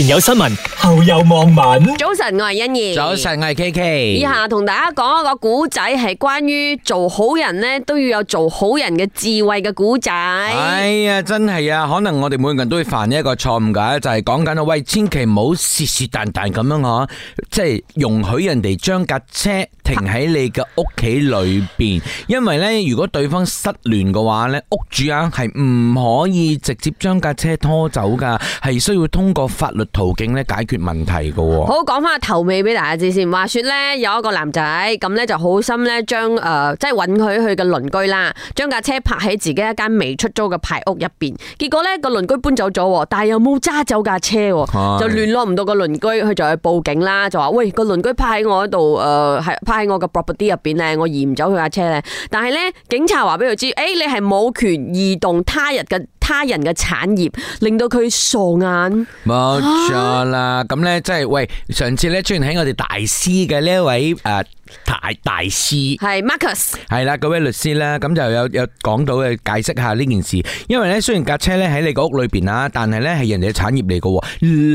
前有新聞，後有網民。早晨，我係欣怡。早晨，我係 KK。以下同大家講一個古仔，係關於做好人咧都要有做好人嘅智慧嘅古仔。哎呀，真係啊！可能我哋每個人都會犯一個錯誤噶，就係講緊啊，喂，千祈唔好是是但但咁樣呵，即係容許人哋將架車停喺你嘅屋企裏邊，因為咧，如果對方失聯嘅話咧，屋主啊係唔可以直接將架車拖走噶，係需要通過法律。途徑咧解決問題噶，好講翻個頭尾俾大家知先。話說咧，有一個男仔咁咧就好心咧將誒，即係允許佢嘅鄰居啦，將架車泊喺自己一間未出租嘅牌屋入邊。結果咧個鄰居搬走咗，但係又冇揸走架車，是就聯絡唔到個鄰居，佢就去報警啦，就話喂，個鄰居泊喺我度誒係泊喺我嘅 property 入邊咧，我移唔走佢架車咧。但係咧警察話俾佢知，誒、哎、你係冇權移動他日嘅他人嘅產業，令到佢傻眼。啦咁咧，即係喂，上次咧，出現喺我哋大師嘅呢一位誒。太大師係 Marcus，係啦，各位律師啦，咁就有有講到嘅解釋下呢件事。因為咧，雖然架車咧喺你個屋裏邊啊，但係咧係人哋嘅產業嚟嘅。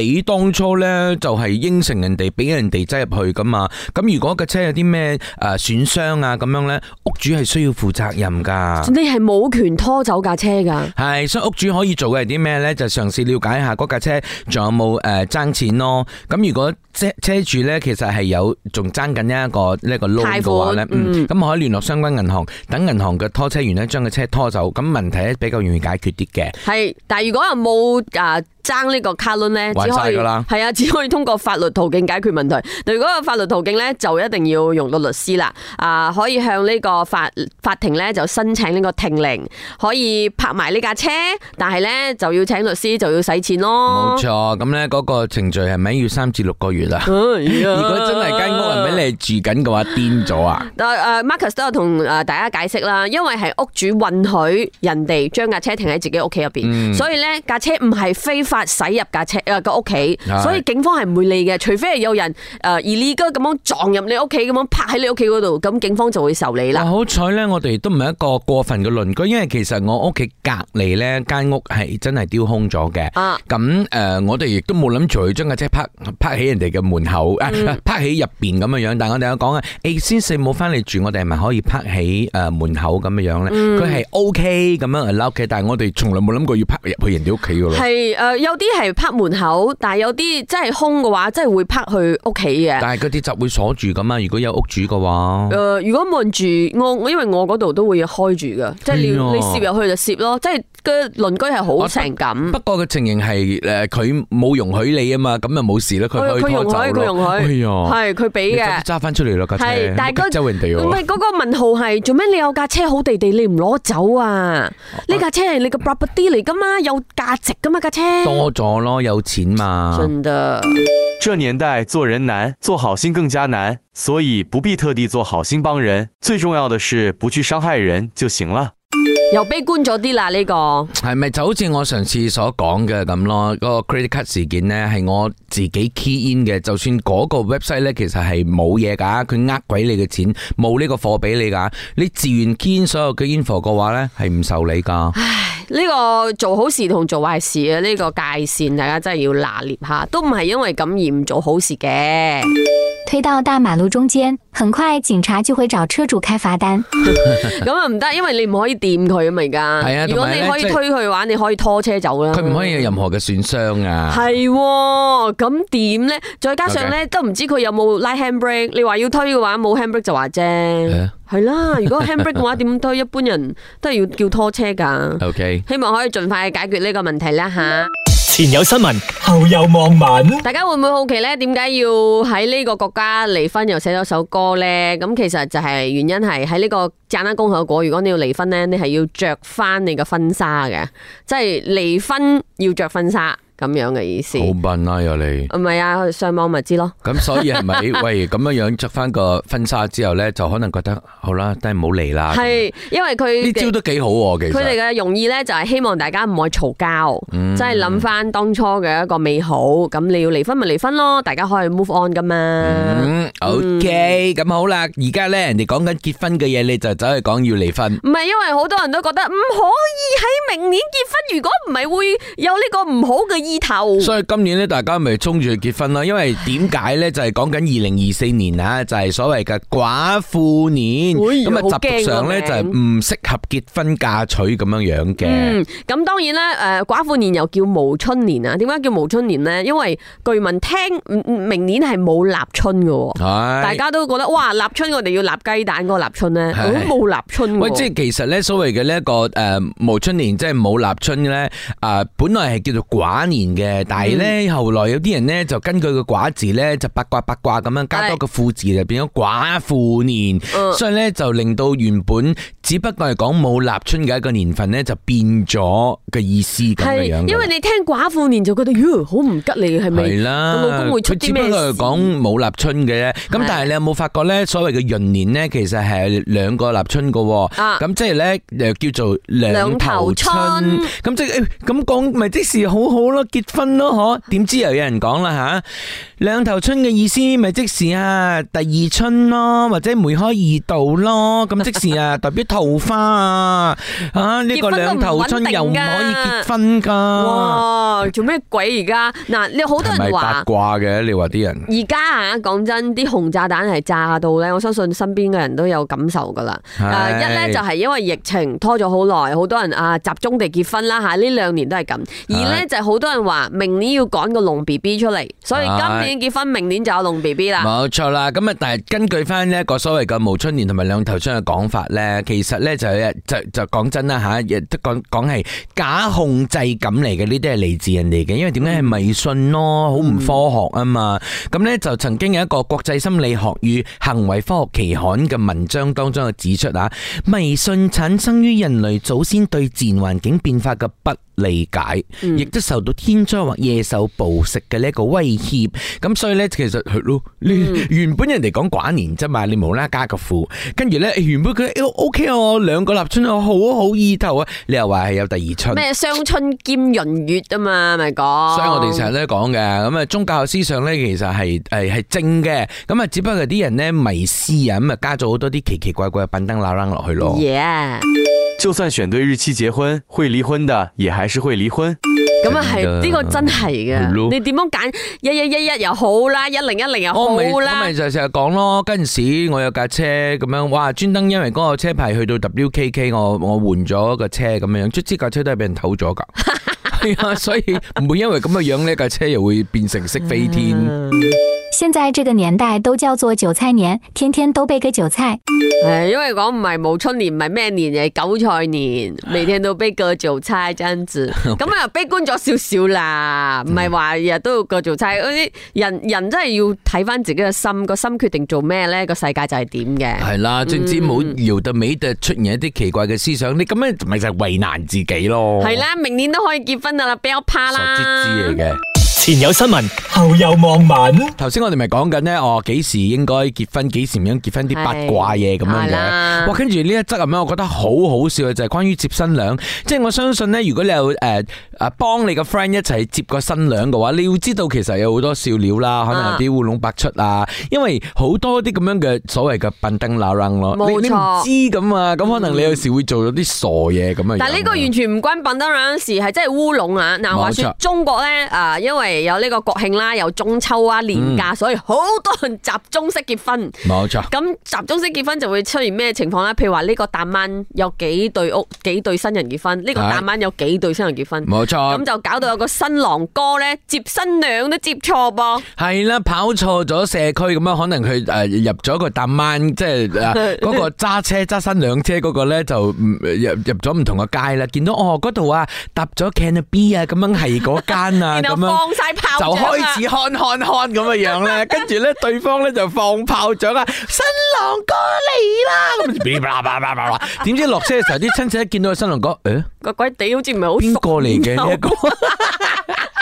你當初咧就係應承人哋俾人哋擠入去噶嘛。咁如果架車有啲咩誒損傷啊咁樣咧，屋主係需要負責任噶。你係冇權拖走架車噶。係，所以屋主可以做嘅係啲咩咧？就嘗試了解下嗰架車仲有冇誒爭錢咯。咁如果車車主咧其實係有仲爭緊呢一個。呢一個 loan 嘅話咧，富嗯，咁我可以聯絡相關銀行，嗯、等銀行嘅拖車員咧將個車拖走，咁問題咧比較容易解決啲嘅。係，但係如果係冇啊？爭呢個卡窿咧，係啊，只可以通過法律途徑解決問題。但如果個法律途徑咧，就一定要用到律師啦。啊、呃，可以向呢個法法庭咧就申請呢個停令，可以泊埋呢架車。但係咧就要請律師，就要使錢咯。冇錯，咁咧嗰個程序係咪要三至六個月啊？Uh, yeah. 如果真係間屋人俾你住緊嘅話，癲咗啊！誒 Marcus 都、uh, 有同大家解釋啦，因為係屋主允許人哋將架車停喺自己屋企入邊，嗯、所以咧架車唔係非法。駛入架車誒個屋企，所以警方係唔會理嘅，除非係有人誒而呢個咁樣撞入你屋企咁樣拍喺你屋企嗰度，咁警方就會受理啦。好彩咧，我哋都唔係一個過分嘅鄰居，因為其實我屋企隔籬咧間屋係真係丟空咗嘅。咁誒、啊，我哋亦都冇諗住將架車拍拍喺人哋嘅門口、嗯、拍喺入邊咁樣。樣。但係我哋、欸、有講啊，A 先生冇翻嚟住，我哋係咪可以拍喺誒門口咁樣樣咧？佢係 O K 咁樣啊，O K。但係我哋從來冇諗過要拍入去人哋屋企嘅咯。係誒。有啲係拍門口，但係有啲真係空嘅話，真係會拍去屋企嘅。但係嗰啲閘會鎖住噶嘛？如果有屋主嘅話。誒、呃，如果冇住，我我因為我嗰度都會開住噶的，即係你你攝入去就攝咯，即係個鄰居係好誠懇。不過嘅情形係誒，佢、呃、冇容許你啊嘛，咁就冇事啦。佢佢、哎、容許，佢容許。佢俾嘅。揸翻、哎、呀出嚟咯，但車，周榮地。唔係嗰個問號係做咩？ 你有架車好地地，你唔攞走啊？呢、啊、架車係你個 property 嚟噶嘛？有價值噶嘛、啊？架車。多咗咯，有錢嘛？真的，這年代做人難，做好心更加難，所以不必特地做好心幫人。最重要的是不去傷害人就行了。又悲觀咗啲啦，呢、這個係咪就好似我上次所講嘅咁咯？那個 credit card 事件呢，係我自己 key in 嘅，就算嗰個 website 呢，其實係冇嘢噶，佢呃鬼你嘅錢，冇呢個貨俾你噶，你自願 Key 然簽所有嘅 info 嘅話呢，係唔受理噶。呢個做好事同做壞事嘅呢個界線，大家真係要拿捏下，都唔係因為咁而唔做好事嘅。推到大馬路中間，很快警察就會找車主開罰單。咁啊唔得，因為你唔可以掂佢啊嘛而家。係啊，如果你可以推佢嘅話，你可以拖車走啦。佢唔可以有任何嘅損傷啊。係啊，咁點呢？再加上呢，Okay. 都唔知佢有冇拉 handbrake。你話要推嘅話，冇 handbrake 就話啫。係啦，如果 handbrake 嘅話，點都一般人都係要叫拖車噶。ok，希望可以盡快解決呢個問題啦吓。前有新聞，後有網民。大家會唔會好奇咧？點解要喺呢個國家離婚又寫咗首歌咧？咁其實就係原因係喺呢個摘翻公後果。如果你要離婚咧，你係要着翻你嘅婚紗嘅，即係離婚要着婚紗。咁樣嘅意思，好笨啦又你，唔係啊，上網咪知咯。咁所以係咪喂咁樣樣着翻個婚紗之後咧，就可能覺得好啦，但係唔好離啦。係，因為佢呢招都幾好嘅。其實佢哋嘅用意咧，就係希望大家唔可以嘈交，即係諗翻當初嘅一個美好。咁你要離婚咪離婚咯，大家可以 move on 噶嘛。OK，咁好啦，而家咧人哋講緊結婚嘅嘢，你就走去講要離婚。唔係，因為好多人都覺得唔可以喺明年結婚，如果唔係會有呢個唔好嘅。.所以今年咧，大家咪衝住去結婚咯，因為點解咧就係講緊二零二四年啊，就係、是、所謂嘅寡婦年，哎，咁啊，習俗上咧就係唔適合結婚嫁娶咁樣樣嘅。嗯，咁當然啦，誒、呃、寡婦年又叫無春年啊，點解叫無春年呢？因為據聞聽，明年係冇立春嘅喎，的大家都覺得哇，立春我哋要立雞蛋嗰個立春咧，冇立春。喂的、哦呃，即係其實咧，所謂嘅呢一個誒、呃、無春年，即係冇立春咧，啊、呃，本來係叫做寡年。年嘅，嗯、但係咧後來有啲人咧就根據個寡字咧，就八卦八卦咁樣加多個婦字，就變咗寡婦年、嗯，所以咧就令到原本只不過係講冇立春嘅一個年份咧，就變咗嘅意思咁樣，因為你聽寡婦年就覺得，咦，好唔吉利係咪？係啦，我老公會出咩事？佢的只不過係講冇立春嘅啫。咁的但係你有冇發覺咧？所謂嘅閏年咧，其實係兩個立春嘅。啊，咁即係咧又叫做兩頭春。咁、嗯、即係咁講，咪即時好好咯。結婚咯，點知又有人講啦吓，兩頭春嘅意思咪即時啊第二春咯，或者梅開二度咯，咁即時啊代表桃花 啊，啊、這、呢個兩頭春又唔可以結婚噶，做咩鬼而家嗱，啊、你有好多人話八卦嘅，你話啲人而家啊講真，啲紅炸彈係炸到咧，我相信身邊嘅人都有感受噶啦是、啊。一咧就係、是、因為疫情拖咗好耐，好多人啊集中地結婚啦吓，呢、啊、兩年都係咁。二咧就係、是、好多人。話明年要趕個龍 B B 出嚟，所以今年結婚，明年就有龍 B B 啦。冇錯啦，咁啊，但係根據翻呢一個所謂嘅冇春年同埋兩頭春嘅講法呢，其實呢就係就就講真啦吓，亦、啊、都講講係假控制感嚟嘅，呢啲係嚟自人哋嘅，因為點解係迷信咯，好唔科學啊嘛。咁呢、嗯、就曾經有一個國際心理學與行為科學期刊嘅文章當中就指出吓，迷信產生於人類祖先對自然環境變化嘅不。理解，亦都受到天災或野獸暴食嘅呢一個威脅，咁所以咧，其實係咯，你原本人哋講寡年啫嘛，你無啦加個副，跟住咧，原本佢得 O，O，K 哦，兩個立春啊，我好好意頭啊，你又話係有第二春，咩雙春兼閏月啊嘛，咪講。所以我哋成日都講嘅，咁啊宗教思想咧，其實係誒係正嘅，咁啊只不過啲人咧迷思啊，咁啊加咗好多啲奇奇怪怪嘅品燈喇楞落去咯。Yeah. 就算選對日期結婚，會離婚的也還是會離婚。咁啊係，呢個真係噶，的你點樣揀一一一一又好啦，一零一零又好啦。我咪我咪就成日講咯，嗰陣時候我有架車咁樣，哇專登因為嗰個車牌去到 WKK，我我換咗個車咁樣樣，卒之架車都係俾人偷咗噶。係啊，所以唔會因為咁嘅樣呢架車又會變成識飛天。 現在這個年代都叫做韭菜年，天天都被割個韭菜。誒、哎，因為講唔係冇春年，唔係咩年嘅韭菜年，每天都被割個韭菜，這樣子咁啊 Okay. 悲觀咗少少啦。唔係話日日都要割韭菜，差， 啲人人真係要睇翻自己個心，個心決定做咩咧，個世界就係點嘅。係啦、啊，正至冇搖到尾就出現一啲奇怪嘅思想，嗯、你咁樣咪就係為難自己咯。係啦、啊，明年都可以結婚噶啦，比較怕啦。前有新聞，後有網民。頭先我哋咪講緊咧，我、哦、幾時應該結婚，幾時唔樣結婚啲的八卦嘢咁樣嘅。的哇，跟住呢一則咁樣，我覺得好好笑嘅就係、是、關於接新娘。即係我相信咧，如果你有誒誒幫你個 friend 一齊接個新娘嘅話，你要知道其實有好多笑料啦，可能有啲烏龍百出啊。因為好多啲咁樣嘅所謂嘅笨登啦楞咯，你唔知咁啊，咁可能你有時會做到啲傻嘢咁樣，樣、嗯。但係呢個完全唔關笨登啦楞事，係真係烏龍啊！嗱，話說中國咧，啊、呃，因為。誒，有呢個國慶啦，有中秋啊，年假，所以好多人集中式結婚。冇錯。咁集中式結婚就會出現咩情況咧？譬如話呢個搭晚有幾對屋，幾對新人結婚。呢個搭晚有幾對新人結婚。冇錯。咁就搞到有個新郎哥咧，接新娘都接錯噃。係啦，跑錯咗社區咁樣，可能佢誒入咗個搭晚，即係嗰個揸車揸新娘車嗰個咧，就入入咗唔同嘅街啦。見到哦，嗰度啊，搭咗 canopy 啊，咁樣係嗰間啊，咁樣。就開始看看看咁嘅樣咧，跟住咧對方咧就放炮仗啊！新郎哥嚟啦！咁，點知落車嘅時候，啲 親戚一見到個新郎哥，誒、欸，個鬼地好似唔係好熟邊個嚟嘅呢一個？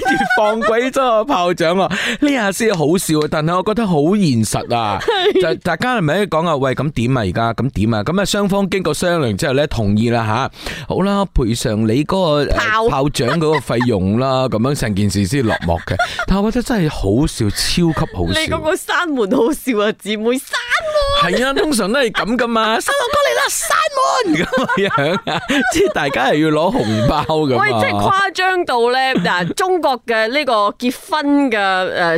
跟住放鬼咗個炮仗啊！呢下先好笑，但係我覺得好現實啊！就是大家係咪喺度講啊？喂，咁點啊？而家咁點啊？咁啊雙方經過商量之後咧，同意啦吓、啊，好啦，賠償你嗰、嗰個炮炮仗嗰個費用啦，咁樣成件事先落幕嘅。但係我覺得真係好笑，超級好笑！你嗰個閂門好笑啊，姊妹閂喎。係啊，通常都係咁噶嘛， 十萬咁樣啊！即係山 大家係要攞紅包㗎。喂，即係誇張到咧，嗱，中國嘅呢個結婚嘅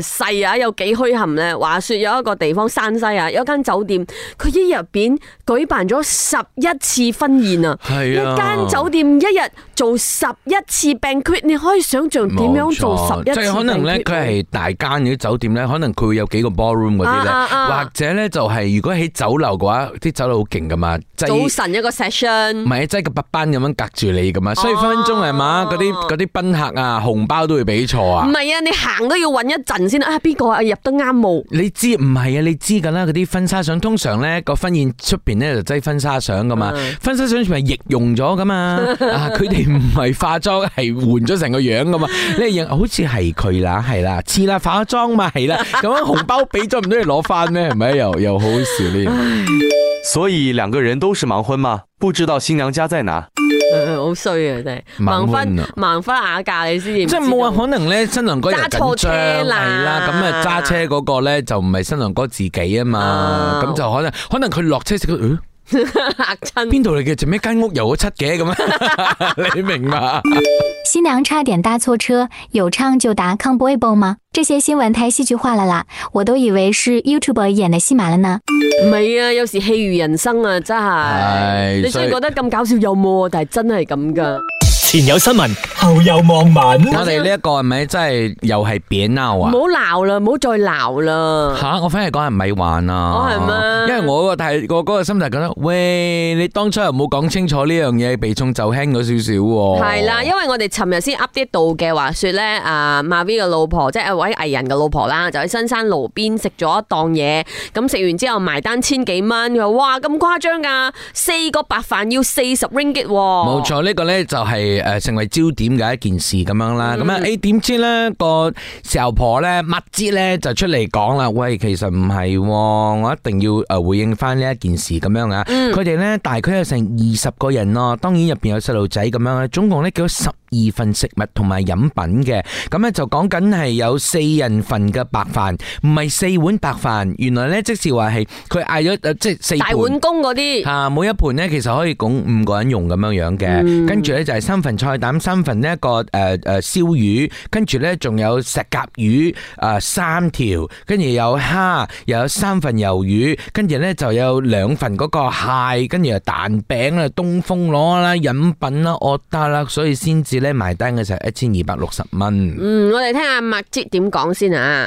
誒勢啊，有幾虛撼咧？話說有一個地方山西啊，有一間酒店，佢一日入邊舉辦咗十一次婚宴是啊，係啊，一間酒店一日。做十一次 banquet，你可以想象點樣做十一次 banquet，即係可能咧，佢係大間啲酒店咧，可能佢會有幾個 ballroom 嗰啲咧，啊啊啊或者咧就係、是、如果喺酒樓嘅話，啲酒樓好勁噶嘛，早晨一個 session，唔係擠個八班咁樣隔住你咁嘛。所以分分鐘係嘛，嗰啲啲賓客啊，紅包都會俾錯啊！唔係啊，你行都要揾一陣先啊，邊個啊入得啱冇？你知唔係啊？你知噶啦，嗰啲婚紗相通常咧個婚宴出邊咧就擠、是、婚紗相噶嘛，婚、嗯、紗相全部係易用咗噶嘛， 啊佢哋。唔係化妝，係換咗成個樣噶嘛？你好似係佢啦，係啦，似啦化妝嘛，係啦。咁樣紅包俾咗唔到你攞翻咩？冇 又，又好笑呢。 所以兩個人都是盲婚嘛？不知道新娘家在哪？呃、好衰啊！真係盲婚盲婚啞嫁，啊、你知即係冇話可能咧，新郎哥又緊張，係啦。咁啊，揸車嗰個咧就唔係新郎哥自己啊嘛，咁、啊、就可能可能佢落車時嚇親邊度嚟嘅？做咩間屋有個七嘅？咁啊， 你明嘛？新娘差點搭錯車，有唱就答康波杯啵嗎？這些新聞太戲劇化了啦，我都以為是 YouTuber 演的戲碼了呢。唔係啊，有時戲如人生啊，真係。你雖然覺得咁搞笑幽默，但係真係咁噶。前有新聞，後有網民。我哋呢一個係咪真係又係扁鬧啊？唔好鬧啦，唔好再鬧啦。吓，我反而講係咪玩啊？我係咩？因為我個大個嗰個心態覺得，喂，你當初又冇講清楚呢樣嘢，避重就輕咗少少。係啦，因為我哋尋日先噏啲度嘅話，說咧啊，馬 V 嘅老婆，即係一位藝人嘅老婆啦，就喺新山路邊食咗一檔嘢，咁食完之後埋單千幾蚊，佢話哇咁誇張噶，四個白飯要四十 ringgit。冇錯，呢個咧就係。誒，成為焦點嘅一件事咁樣啦，咁啊，誒，點知咧個事頭婆咧麥芝咧就出嚟講啦，喂，其實唔係，我一定要誒回應翻呢一件事咁樣啊。佢哋咧大概有成二十個人咯，當然入邊有細路仔咁樣，總共咧叫咗十二份食物同埋飲品嘅，咁咧就講緊係有四人份嘅白飯，唔係四碗白飯，原來咧即是話係佢嗌咗即係四大碗公嗰啲吓，每一盤咧其實可以供五個人用咁樣樣嘅，跟住咧就係三份。菜膽三份，呢一個誒誒燒魚，跟住咧仲有石甲魚誒三條，跟住有蝦又有三份魷魚，跟住咧就有兩份個蟹，跟住啊蛋餅啊、東風螺啦、飲品啦，我得啦，所以先至咧埋單嘅時候一千二百六十蚊。嗯，我哋聽下麥治點講先啊。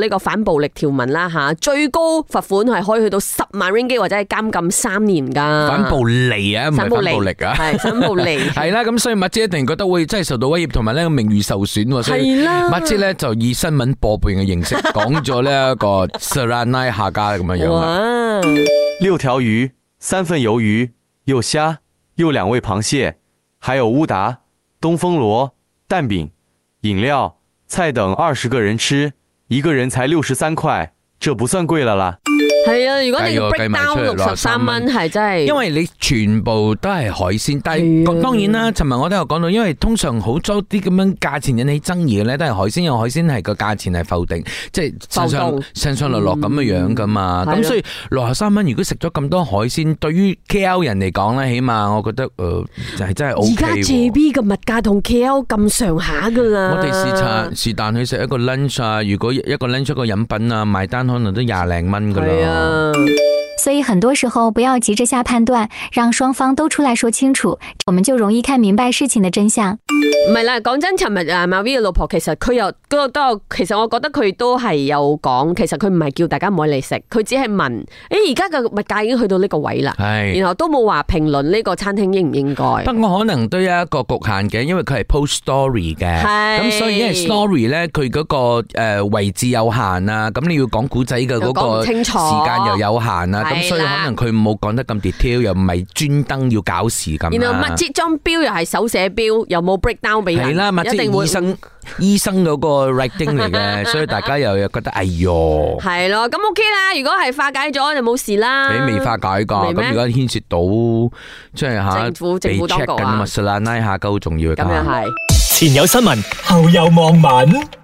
呢個反暴力條文啦，嚇最高罰款係可以去到十萬 ringgit 或者係監禁三年噶。 反暴力啊！反暴力啊！係反暴力。係啦，咁所以麥姐一定覺得會真係受到威脅，同埋呢個名譽受損，所以麥姐咧就以新聞播報嘅形式講咗呢一個 Sirani 下架咁樣。哇！六條魚、三份魷魚、又蝦、又兩味螃蟹，還有烏達、東風螺、蛋餅、飲料、菜等二十個人吃。一個人才六十三塊，這不算貴了啦。係啊，如果你要 break 包六十三蚊，係真係，因為你全部都係海鮮，但係、啊啊啊、當然啦。尋日我都有講到，因為通常好多啲咁樣價錢引起爭議嘅咧，都係海鮮。有海鮮係個價錢係浮動，即係、so, 到上上上上落落咁嘅樣噶嘛。咁、嗯、所以六十三蚊，啊、如果食咗咁多海鮮，對於 K L 人嚟講咧，起碼我覺得誒、呃，就係真係 O K。而家 J B 嘅物價同 K L 咁上下噶啦。我哋試但是但去食一個 lunch 啊，如果一個 lunch 個飲品啊，埋單可能都廿零蚊噶啦。嗯。所以很多時候不要急着下判斷，讓雙方都出來說清楚，我們就容易看明白事情的真相。唔係啦，講真，尋日啊，Mavie 嘅老婆其實佢又個都，其實我覺得佢都係有講，其實佢唔係叫大家唔可以嚟食，佢只係問，誒而家嘅物價已經去到呢個位啦，係是，然後都冇話評論呢個餐廳應唔應該。不過可能都有一個局限嘅，因為佢係 post story 嘅，係是，咁所以因為 story 咧，佢嗰個誒位置有限啊，咁你要講古仔嘅嗰個時間又有限啊。所以可能佢冇講得咁 detail，又唔係專登要搞事咁。然後墨跡張表又係手寫表，又冇 break down 俾人。係啦，墨跡醫生醫生嗰個 writing 嚟嘅，所以大家又又覺得哎呦。係咯，咁 OK 啦。如果係化解咗就冇事啦。你未化解㗎，咁而家牽涉到即係嚇政府政府 check 緊嘛？Sir，拉拉下好重要㗎。咁又係前有新聞，後有網民。